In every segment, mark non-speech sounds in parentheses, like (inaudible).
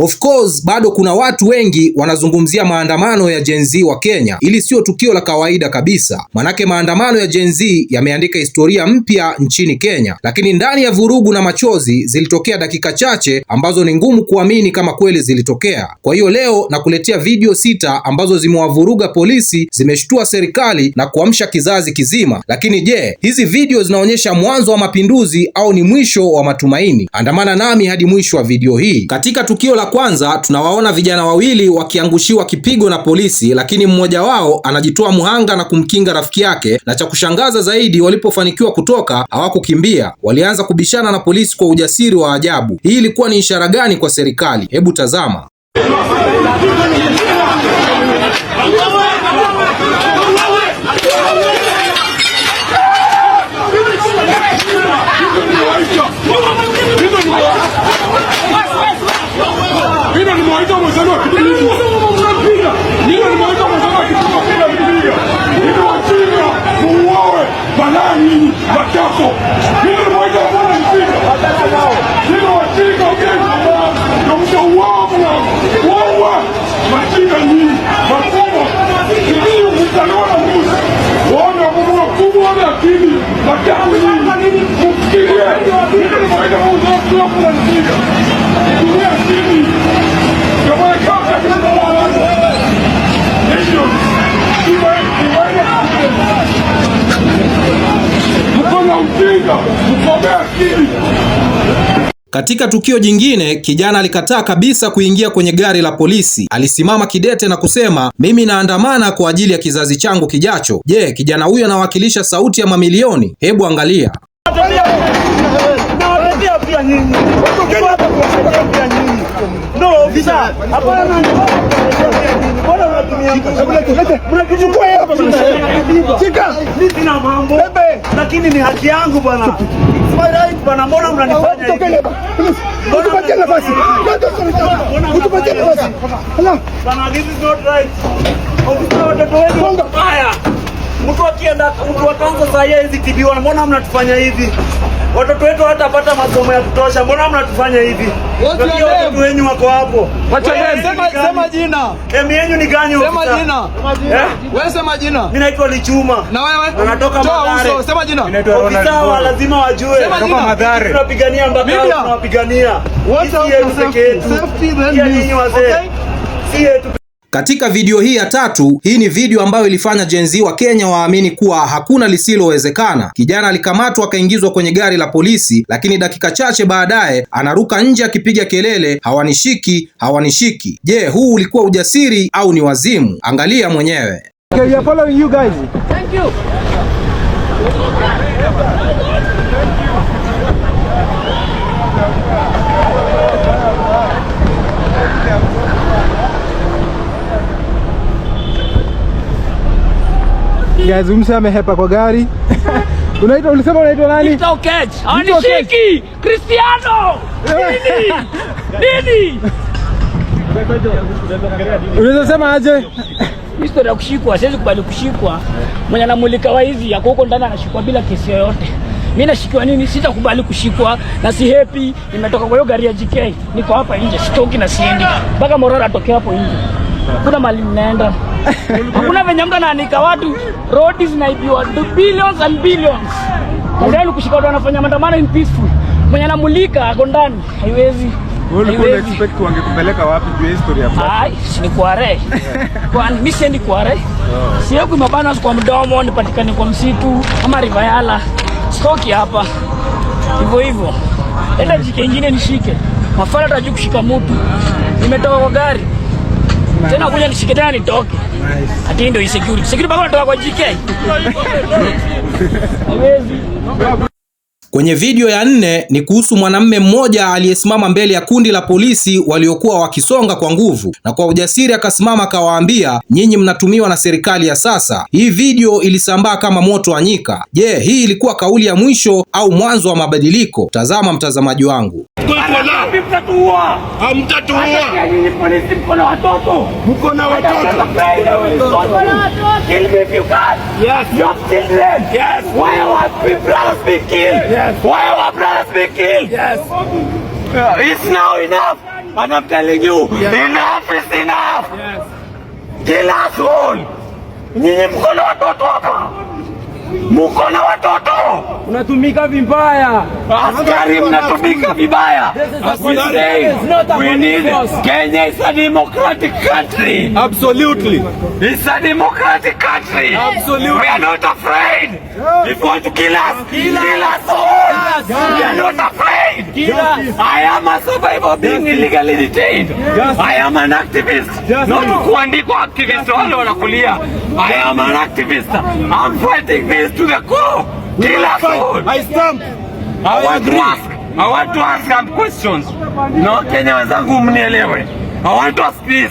Of course bado kuna watu wengi wanazungumzia maandamano ya Gen Z wa Kenya. Ili sio tukio la kawaida kabisa, manake maandamano ya Gen Z yameandika historia mpya nchini Kenya, lakini ndani ya vurugu na machozi zilitokea dakika chache ambazo ni ngumu kuamini kama kweli zilitokea. Kwa hiyo leo nakuletea video sita ambazo zimewavuruga polisi, zimeshtua serikali na kuamsha kizazi kizima. Lakini je, hizi video zinaonyesha mwanzo wa mapinduzi au ni mwisho wa matumaini? Andamana nami hadi mwisho wa video hii. Katika tukio la kwanza tunawaona vijana wawili wakiangushiwa kipigo na polisi, lakini mmoja wao anajitoa mhanga na kumkinga rafiki yake, na cha kushangaza zaidi, walipofanikiwa kutoka hawakukimbia, walianza kubishana na polisi kwa ujasiri wa ajabu. Hii ilikuwa ni ishara gani kwa serikali? Hebu tazama. mashida nyingi makubwa, kilio mtanua Mungu, waona Mungu kubwa na akili na damu nyingi, mfikirie nini faida ya uzoefu wako na nzika dunia chini kamwekaka mkono ujinga mkomea akili katika tukio jingine, kijana alikataa kabisa kuingia kwenye gari la polisi. Alisimama kidete na kusema, mimi naandamana kwa ajili ya kizazi changu kijacho. Je, kijana huyo anawakilisha sauti ya mamilioni? Hebu angalia ndio ofisa. Hapana, mbona unatumia? Mnakichukua hapa sika, mimi sina mambo, lakini ni haki yangu bwana. Bwana, mbona mnanifanya hivi? Utupatie nafasi, utupatie nafasi. Bwana, this is not right. Ofisa, watoto wetu mbaya Mtu akienda mtu akaanza saa hii hizi tibiwa, mbona mnatufanya hivi? Watoto wetu hatapata masomo ya kutosha, mbona mnatufanya hivi? Watoto wenyu wako hapo. Sema sema jina. Emi yenyu ni gani? Sema jina. Eh? Wewe sema jina. Mimi naitwa Lichuma. Na wewe? Unatoka Madhare. Sema jina. Ofisa wa lazima wajue. Kutoka Madhare. Tunapigania mbaka. Tunapigania. Wote peke Safety then. Nyinyi Si yetu katika video hii ya tatu, hii ni video ambayo ilifanya Gen Z wa Kenya waamini kuwa hakuna lisilowezekana. Kijana alikamatwa akaingizwa kwenye gari la polisi, lakini dakika chache baadaye anaruka nje akipiga kelele, hawanishiki, hawanishiki. Je, huu ulikuwa ujasiri au ni wazimu? Angalia mwenyewe. Okay, Guys, umseme hepa kwa gari. (laughs) Unaitwa ulisema unaitwa nani? Mito Cage. Anishiki. Cristiano. Nini? Nini? Unaweza sema aje? Historia ya kushikwa, siwezi kubali kushikwa. Mwenye anamulika wa hizi yako huko ndani anashikwa bila kesi yoyote. Mimi nashikiwa nini? Sitakubali kushikwa na si happy. Nimetoka kwa hiyo gari ya GK. Niko hapa nje, sitoki na siendi. Mpaka Morara atokee hapo nje. Kuna mali ninaenda. Hakuna venye mtu anaanika watu, road zinaibiwa billions and billions. Ndio kushika watu wanafanya maandamano in peaceful. Mwenye anamulika ako ndani, haiwezi. Wewe expect wangekupeleka wapi juu history hapo? Ai, si ni kuare. Kwani mimi oh. si siendi kuare. Si kwa mabana kwa mdomo nipatikane kwa msitu ama Rivayala. Stoki hapa. Hivyo hivyo. Ila jike nyingine nishike. Mafala tajuu kushika mtu. Nimetoka kwa gari. Tena kuja nishike tena nitoke. aí, seguro. insecurity. o bagulho, anatoka kwa GK. Hawezi. (laughs) Kwenye video ya nne ni kuhusu mwanamume mmoja aliyesimama mbele ya kundi la polisi waliokuwa wakisonga kwa nguvu, na kwa ujasiri akasimama akawaambia, nyinyi mnatumiwa na serikali ya sasa. Hii video ilisambaa kama moto wa nyika. Je, hii ilikuwa kauli ya mwisho au mwanzo wa mabadiliko? Tazama mtazamaji wangu. Yes. Yes. Why our brothers being killed? Yes. Yeah, uh, it's now enough. And I'm telling you, yes. enough is enough. Yes. Kila soul. Nyinyi mko na watoto Mko na unatumika vibaya, askari mnatumika vibaya. We need Kenya is a democratic country. Absolutely. It's a democratic country. Absolutely. We are not afraid. If you want to kill us, kill us all. We are not afraid. I am a survivor being illegally detained. I am an activist. Not kuandikwa activist wale wanakulia. I am an activist. I'm fighting this to the core. I stamp. I want to ask. I want to ask some questions. Na Wakenya wenzangu mnielewe. I want to ask this.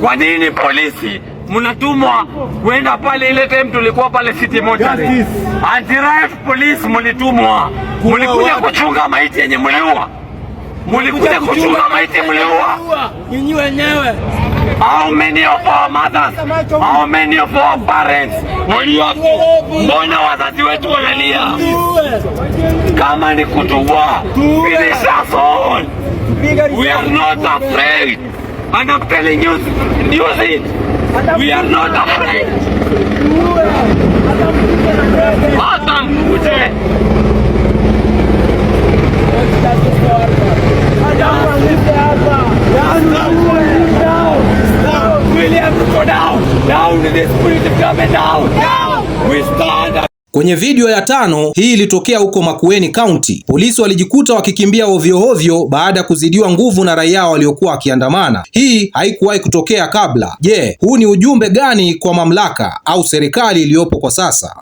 Kwa nini polisi mnatumwa kwenda pale ile time tulikuwa pale city mortuary? Anti riot police mlitumwa. Mlikuja kuchunga maiti yenye mliua. Mlikuja kuchunga maiti mliua. Nyinyi wenyewe. How many of our mothers, how many of our parents walioko? Mbona wazazi wetu wanalia? Kama ni kutuwa, finish us all. We are not afraid. And I'm telling you, you see, We are not afraid. Awesome. Kwenye video ya tano, hii ilitokea huko Makueni County. Polisi walijikuta wakikimbia ovyo ovyo baada ya kuzidiwa nguvu na raia waliokuwa wakiandamana. Hii haikuwahi kutokea kabla. Je, yeah, huu ni ujumbe gani kwa mamlaka au serikali iliyopo kwa sasa?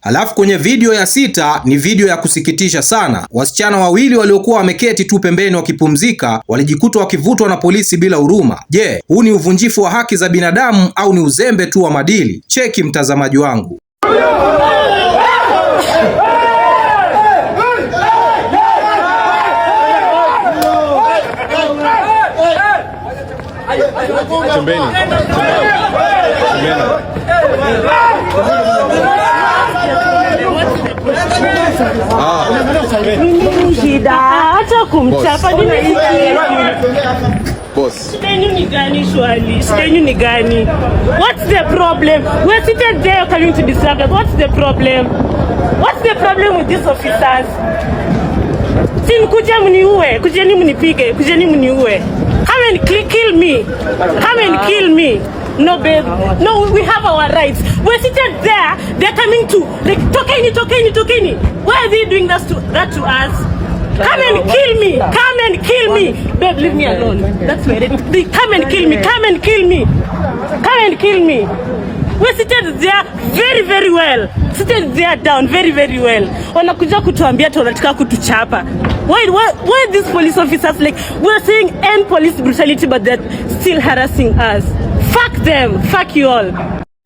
Halafu kwenye video ya sita ni video ya kusikitisha sana. Wasichana wawili waliokuwa wameketi tu pembeni wakipumzika walijikuta wakivutwa na polisi bila huruma. Je, huu ni uvunjifu wa haki za binadamu au ni uzembe tu wa madili? Cheki mtazamaji wangu. Nini shida? Hata kumchapa Boss. Sidenyu ni gani swali? Sidenyu ni gani? What's the problem? We're sitting there coming to disturb us. What's the problem? What's the problem with these officers? Sin kuja mniue, kujeni mnipige, kujeni mniue. Come and kill me. Come and kill me. No babe. No, we have our rights. We're sitting there. They're coming to like tokeni tokeni tokeni. Why are they doing that to that to us? Come and kill me. Come and kill me. Babe, leave me alone. That's where they come and kill me. Come and kill me. Come and kill me. We're sitting there very very well. Sitting there down very very well. Wanakuja kutuambia ati kutuchapa. Why, why, why these police officers like we're seeing end police brutality but they're still harassing us them. Fuck you all.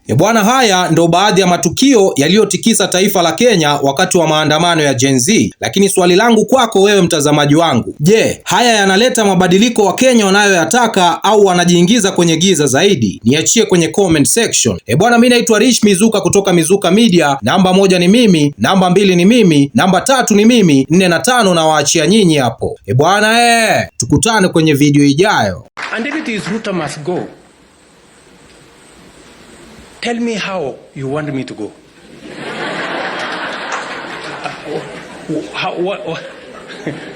E bwana, haya ndo baadhi ya matukio yaliyotikisa taifa la Kenya wakati wa maandamano ya Gen Z. Lakini swali langu kwako wewe mtazamaji wangu, je, haya yanaleta mabadiliko wa Kenya wanayoyataka au wanajiingiza kwenye giza zaidi? Niachie kwenye comment section. E bwana, mimi naitwa Rich Mizuka kutoka Mizuka Media. Namba moja ni mimi, namba mbili ni mimi, namba tatu ni mimi, nne na tano na waachia nyinyi hapo. ebwana bwana, eh, tukutane kwenye video ijayo. And if it is Ruta must go. Tell me how you want me to go. (laughs) uh, how, what?